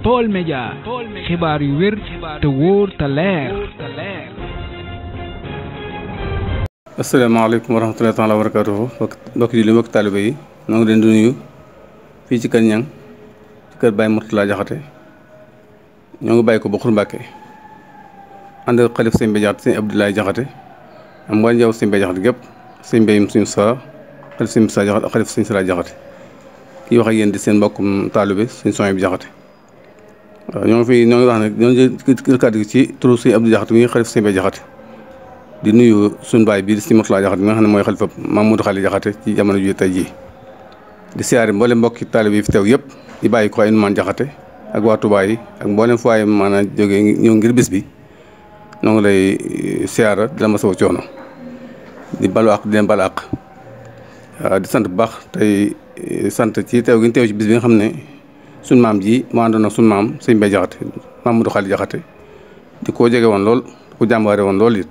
Baol Médias xibaar yu wér te wóor julli mbokk taalibe yi ñoo ngi leen di nuyu fii ci kër ñang ci kër Baye Mourtala Jaxate ñoo ngi bàyyi ko ba Xur Mbàkke ànd ak xalif sëñ bi Jaxate sëñ Abdoulaye Jaxate am waa njaw sëñ bi Jaxate gépp sëñ mbéyum suñu saa xalif sëñ bi Jaxate ak xalif sëñ di seen mbokkum taalibe sëñ Soñ Jaxate waaw ñoo ngi fi ñoo ngi wax nag ñoo ngi kàddu gi ci turu sëñ Abdou Diakhaté mi xalif sëñ Bay Diakhaté di nuyu suñu baay bii di sëñ Murtala Diakhaté mi nga xam ne mooy xalifa Mamadou Xali Diakhaté ci jamono ji tey jii di siyaare mboolem mbokki taalib yi fi teew yëpp di bàyyi ko ay Numaan Diakhaté ak waa Touba yi ak mboolem fu waaye maanaam jógee ñëw ngir bis bi noo ngi lay eh, siyaara di la masoo coono di balu àq di leen balu àq di sant bu baax tey eh, sant ci teew gi ñu teew ci bis bi nga xam ne suñ maam ji mu àndoon ak suñ maam sëñ bay jaxate Mamadou Xali jaxate di koo jege woon lool ku jàmbaare woon lool it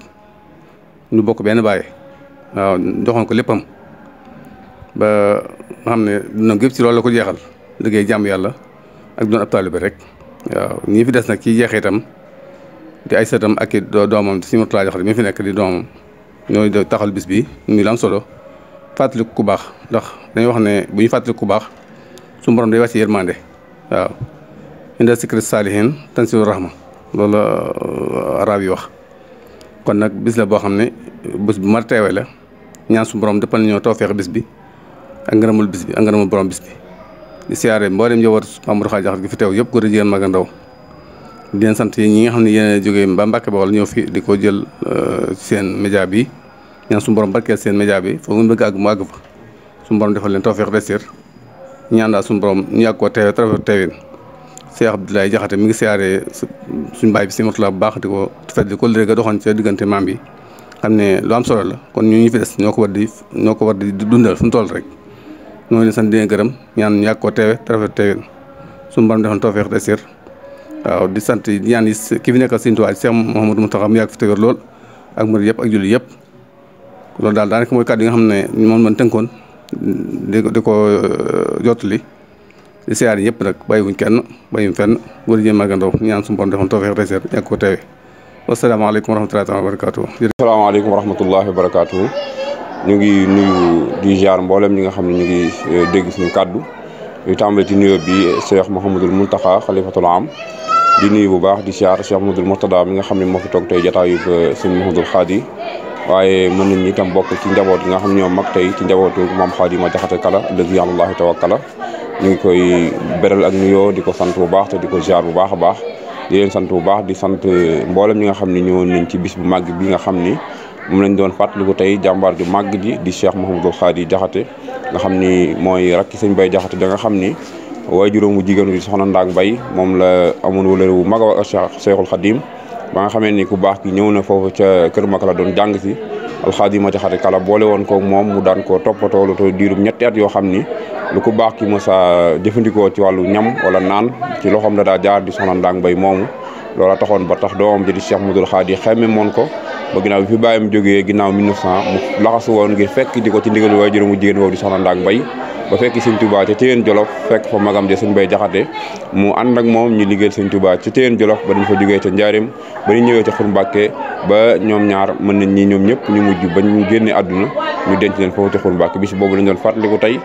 ñu bokk benn bàyyi waaw joxoon ko léppam ba nga xam ne dundam gépp ci loolu la ko jeexal liggéey jàmm yàlla ak doon rek waaw fi des nag kii jeexee itam di ay sëtam ak it doomam si Mourtala Jaxate mi fi nekk di doomam ñooy taxal bis bi muy lam solo fàttaliku ku baax ndax dañuy wax ne bu ñu fàttaliku ku baax su borom day wàcc yërmande waaw inda sikri saalihin tansiru rahma loolu euh, arab yi wax kon nag bis la boo xam ne bés bu mar teewee la ñaan su borom dëppal ñoo tawfeex bis bi ak ngërëmul bis bi ak ngërëmul borom bi di mboolem njaboot Mamadou gi fi teew yëpp góor a jigéen mag a sant yi ñi nga xam ne yéen a ba Mbàkke Bawol ñëw fi di ko jël euh, seen média bi ñaan su borom barkeel seen média bi foofu mu bëgg àgg mu àgg fa su defal leen tawfeex desir ñaan daal suñu borom ñu yàgg ko teewee très bien teewee Cheikh Abdoulaye Diakhaté mi ngi siyaaree suñ baay bi si matulaa bu baax di ko di ko léegi doxoon ca diggante maam bi xam ne lu solo la kon ñu ñu ñoo ko di ñoo ko war di dundal fu mu rek ñoo leen sant gërëm ñaan ñu yàgg ko teewee très bien teewee suñu borom de sir waaw di sant ñaan yi ki fi nekkal Sëriñ Tuubaa Cheikh Mouhamadou Mountakha mu yàgg fi teewee lool ak murid yëpp ak julli yëpp loolu daal daanaka mooy kàddu yi nga xam ne moom mën tënkoon di ko di ko euh, jottali di siyaar yëpp nag bàyyiwuñ kenn bàyyiwuñ fenn góor ñi mag ndaw ñaan suñu borom defoon tawfeex reseer ñàkk ko teewe wasalaamaaleykum wa rahmatullahi wa barakaatu. asalaamaaleykum wa rahmatullahi wa ñu ngi nuyu di jaar mboole ñi nga xam ne ñu ngi euh, dégg suñu kàddu ñu tàmbali ci nuyoo bi Cheikh Mouhamadul Mountakha xalifatul am di nuyu bu baax di siyaar Cheikh Mouhamadul Mourtada mi nga xam ne moo fi toog tey jataayub euh, sëñ Mouhamadul Xaadi waaye mën nañ itam mbokk ci njaboot yi nga xam ñoom mag tey ci njabootu maam Xaadima Jaxate Kala allazi alallaahi tawakkala ñu ngi koy beral ak nuyoo di ko sant bu baax te di ko ziar bu baax a baax di sant bu baax di sant mboolem ñi nga xam ne ñëwoon nañ ci bis bu màgg bi nga xam ni moom lañ doon fàttaliku tey jàmbaar ju màgg ji di Cheikh Mouhamadou Khadi Jaxate nga xam ni mooy rakki sëñ Bay Jaxate da nga xam ni waaye juróom bu jigéenu di soxna Ndaak Mbay moom la amoon wala wu mag a Cheikhul Khadim ba nga xamee ni ku baax ki ñëw na foofu ca Kër Makala doon jàng si alxaadi ma jaxate kala boole woon ko moom mu daan ko toppatoo lu to diirum ñetti at yoo xam ni lu ku baax ki mos a jëfandikoo ci wàllu ñam wala naan ci loxoom la daa jaar di soxna Ndang Mbay moomu loola taxoon ba tax doomam ji di Cheikh Modou Khadi xeme moon ko ba ginnaaw bi fi bàyyam jógee ginnaaw 1900 mu laxasu woon ngir fekk di ko ci ndigalu waajur mu jigéen woowu di soxna Ndaak Mbay ba fekk Sëñ Tuubaa ca Jolof fekk fa magam ja Sëñ Mbay Jaxate mu ànd ak moom ñu liggéeyal Sëñ Tuubaa ca Téyeen Jolof ba dañ fa jógee ca Njaareem ba ñu ñëwee ca Xur Mbàkke ba ñoom ñaar mën nañ ñi ñoom ñëpp ñu mujj ba ñu génne àdduna ñu denc leen foofu ca Xur Mbàkke bis boobu lañ doon fàttaliku tey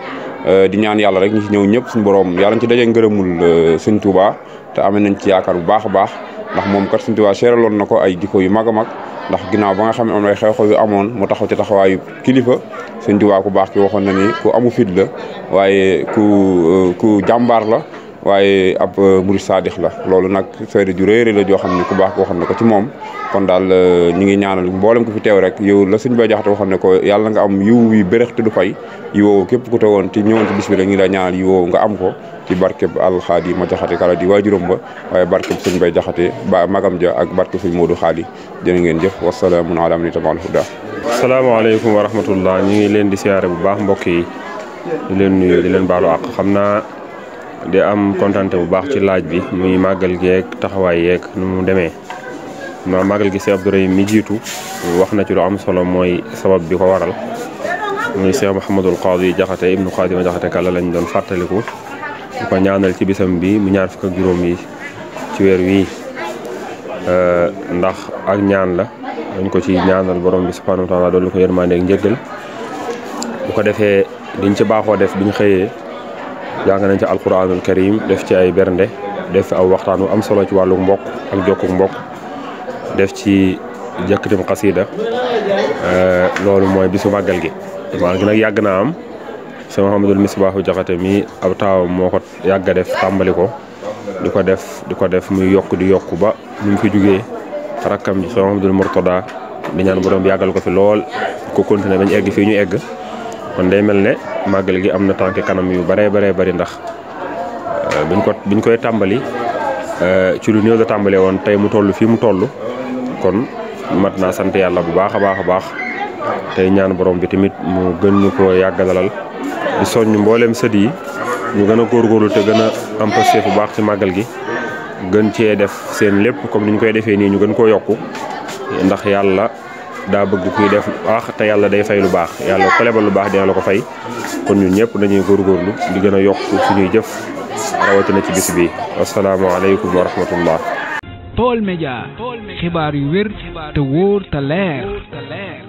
euh, di ñaan yàlla rek ñi ci ñëw ñëpp suñu borom yàlla ñu ci dajee ngërëmul euh, Sëñ Tuubaa te amee nañ ci yaakaar bu baax a baax ndax moom kat suñu Tuubaa seeraloon na ko ay jikko yu mag a mag ndax ginnaaw ba nga xam ne am na ay xew-xew yu amoon mu taxaw ci taxawaayu kilifa suñu Tuubaa ku baax ki waxoon na ni ku amu fit la waaye ku ku jàmbaar la waaye ab euh, murid saadix la loolu nag seede ju réere la joo xam ne ku baax koo xam ne ko ci moom kon daal euh, ñu ngi ñaanal mboolem ko fi teew rek yow la sëñ ba jaxate waxoon ne ko yàlla nga am yiw wi bérex te du fay yiwoo képp ku woon ci ñëwoon ci bis bi rek ñu la ñaanal yiwoo nga am ko ci barkeb alxaadi ma jaxate kala di waajuram ba waaye barkeb sëñ bay jaxate ba magam ja ak barkeb sëñ moodu xaali jërë ngeen jëf wasalaamun ala man ittabaal huda salaamaaleykum wa rahmatullah ñu ngi leen di siyaare bu baax mbokk yi di di leen baalu àq xam naa di am kontante bu baax ci laaj bi muy màggal geeg taxawaay yeeg nu mu demee ma màggal gi Cheikh Abdou yi mi jiitu wax na ci lu am solo mooy sabab bi ko waral muy Cheikh Mouhamadul Qaadi Jaxate ibnu Xaadima Jaxate Kala lañ doon fàttaliku di ko ñaanal ci bisam bi mu ñaar fukk ak juróom yi ci weer wii ndax ak ñaan la dañ ko ci ñaanal borom bi subhaanahu wa taala doolu ko yërmande ak njëggal bu ko defee liñ ci baaxoo def biñ xëyee jàng nañ ci alquranul karim def ci ay bernde def fi aw waxtaan wu am solo ci wàllu mbokk ak jokkuk mbokk def ci jëkkatim xasida euh, loolu mooy bisu màggal gi màggal gi nag yàgg naa am si Mouhamadul Misbaahu Jaxate mi aw taawam moo ko yàgg def tàmbali ko di ko def di ko def muy yokk di yokk ba ñu ngi fi jugee rakkam si Mouhamadul Mourtada di ñaan borom bi yàggal ko fi lool ko continuer bañ egg fii ñu egg kon day mel ne màggal gi am na tànk kanam yu baree baree bari ndax euh, biñ ko biñ koy tàmbali euh, ci lu néew la tàmbalee woon tey mu toll fii mu toll kon mat naa sant yàlla bu baax a baax a baax tey ñaan borom bi tamit mu gën ñu ko yàggalalal di soññ mbooleem sët yi ñu gën a góorgóorlu te gën a am passé bu baax ci màggal gi gën cee def seen lépp comme ni ñu koy defee nii ñu gën koo yokku ndax yàlla daa bëgg kuy def lu te yàlla day fay lu baax yàlla ku lu baax dina la ko fay kon ñun ñëpp dañuy góorgóorlu di gën a yokk suñuy jëf rawatina ci bis bi asalaamaaleykum wa rahmatullah Baol Média xibaar yu